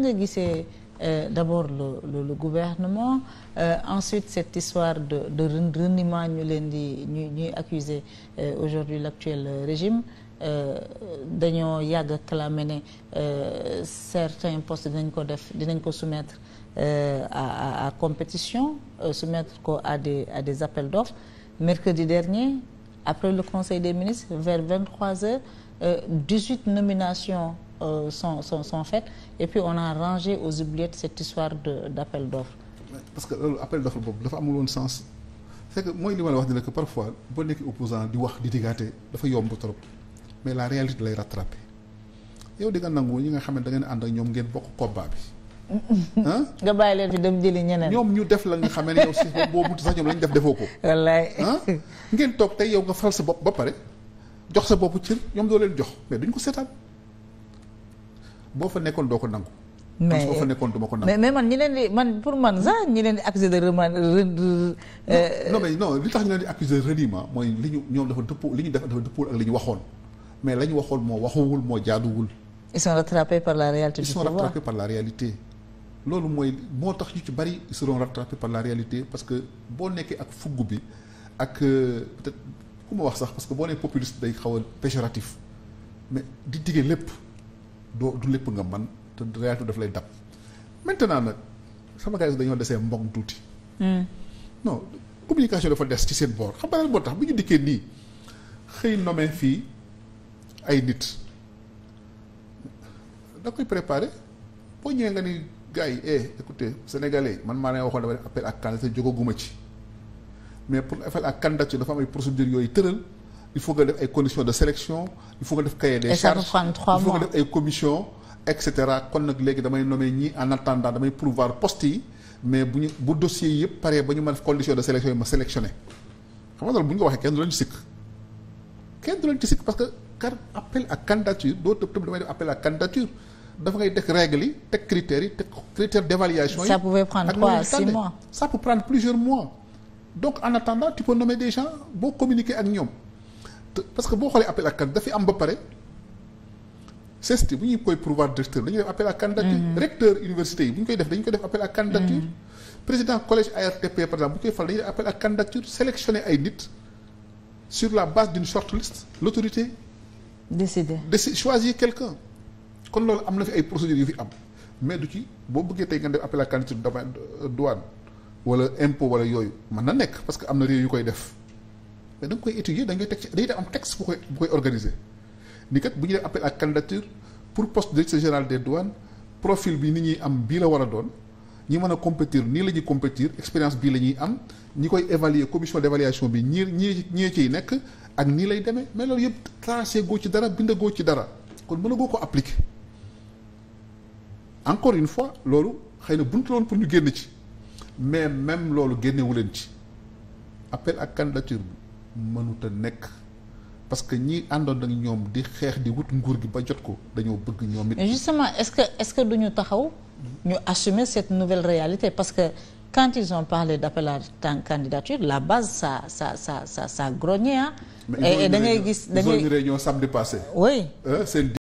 nga gisee euh, d'abord le, le, le gouvernement euh, ensuite cette histoire de de reniement ñu leen di ñuy ñuy accuser euh, aujourd'hui l'actuel régime euh, dañoo yàgg a clamé ne certains postes dinañ ko def dinañ ko soumettre euh, à, à à compétition euh, soumettre ko à des à des appels d'offres mercredi dernier après le conseil des ministres vers 23 heures 18 nominations euh, sont, sont, sont faites et puis on a range aux oubliettes cette histoire de d'appel d'offres parce que appel d'offres boobu dafa amul woon sens c'est que mooy li wax ni la que parfois boo nekk opposant di wax di diggaate dafa yomb trop mais la réalité lay rattrapé yow di nga nangu ñi nga xam ne da ànd ak ñoom ngeen bokk combat bi ah nga bàyyi leen fi dem jëli ñeneen. ñoom ñu def la nga xamee ne yow si boobu sax ñoom la ñu def defoo ko. wallaay ngeen toog tey yow nga fal sa bopp ba pare jox sa bopp ñoom doo leen jox mais duñ ko seetaan. boo fa nekkoon doo ko nangu. mais boo fa nekkoon du ma ko nangu. mais mais man ñi leen di man pour man sax ñi leen di accuser de remane. Euh, non mais non li tax ñu leen di accuser de reniement mooy li ñu ñoom dafa dëppoo li ñu def dafa dëppoo ak li ñu waxoon mais la ñu waxoon moo waxuwul moo jaaduwul. ils sont rattrapés par la réalité. du pouvoir ils sont rattrapés par la réalité. loolu mooy moo tax ñu ci bari ils seront rattrapés par la réalité parce que boo nekkee ak fugg bi ak euh, peut-être ku ma wax sax parce que boo nee populiste day xaw a péjoratif mais di dige lépp. doo du lépp nga man te réalité daf lay dab maintenant nag sama gars yi dañoo desee mbokk tuuti. Hmm. non communication dafa des ci seen boor xam nga lan moo tax bu ñu dikkee nii xëy nommé fii ay nit da koy préparé boo ñëwee nga ni gars yi eh écoutez man maa leen waxoon dafa def appel à candidature jógaguma ci mais pour appel à candidature dafa am ay procédures yooyu tëral. il faut nga def ay conditions de sélection il faut nga def cahier ay commission et cetera kon nag léegi damay nommer ñi en attendant damay pourvoir poste yi mais bu ñu bu dossier yi yëpp paree ba ñu mën def condition de sélection yi ma sélectionné xam nga loolu bu ñu ko waxee kenn du leen ci sikk kenn du leen ci sikk parce que car appel à candidature doo tëb tëb damay def appel à candidature dafa ngay teg règle yi teg critères yi teg critères d'évaluation yi. ça pouvait prendre trois six mois ça peut prendre plusieurs mois donc en attendant ak ñoom. parce que boo xoolee appel à candidature dafi am ba pare CESTI bu ñu koy pourvoir directeur dañu def appel à candidature mm-hmm. recteur université yi bu ñu koy def dañu koy def appel à candidature mm-hmm. président collège ARTP par exemple fal dañuy def appel à candidature ay nit sur la base d'une short list l'autorité décider décider choisir quelqu'un kon loolu am na fi ay procédures yu fi am mais du ci boo bëggee tey nga def appel à candidature euh, douane wala impôt wala yooyu mën na nekk parce que am na réew yu koy def mais da nga koy étudier da nga koy teg ci day def am texte bu koy bu koy organiser ni kat bu ñu def appel à candidature pour poste directeur général des douanes profil bi nit ñuy am bii la war a doon ñi mën a compétir nii la ñuy compétir expérience bii la ñuy am ñi koy évaluer commission d'évaluation bi ñii ñii ñii ciy nekk ak nii lay demee mais loolu yëpp tracé goo ci dara bind goo ci dara kon mën a goo ko appliquer encore une fois loolu xëy na buntu loon pour ñu génn ci mais même loolu génnewu leen ci appel à candidature bi mënut a nekk parce que ñi àndoon ak ñoom di xeex di wut nguur gi ba jot ko dañoo bëgg ñoom it. mais justement est-ce que est-ce que duñu taxaw ñu assumer cette nouvelle réalité parce que quand ils ont parlé d'appel à candidature la base ça ça ça sa ça grognait ah. et da ngay gis da ngay ils ont une réunion samedi passé. oui.